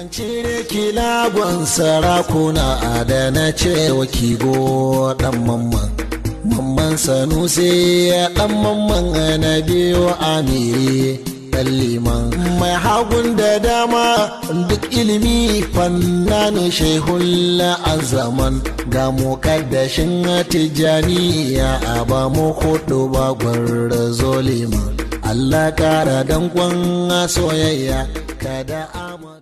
An cire kilagon sarakuna adana wa kigo dan mamman. Mamman Sanusi ya dan mamman na biyo amiri dan Mai hagun da dama duk ilimi fannanin shehun azaman ga mukaddashin tijani a bamu mu hudu bagwar zolima Allah kara dankon soyayya kada amon.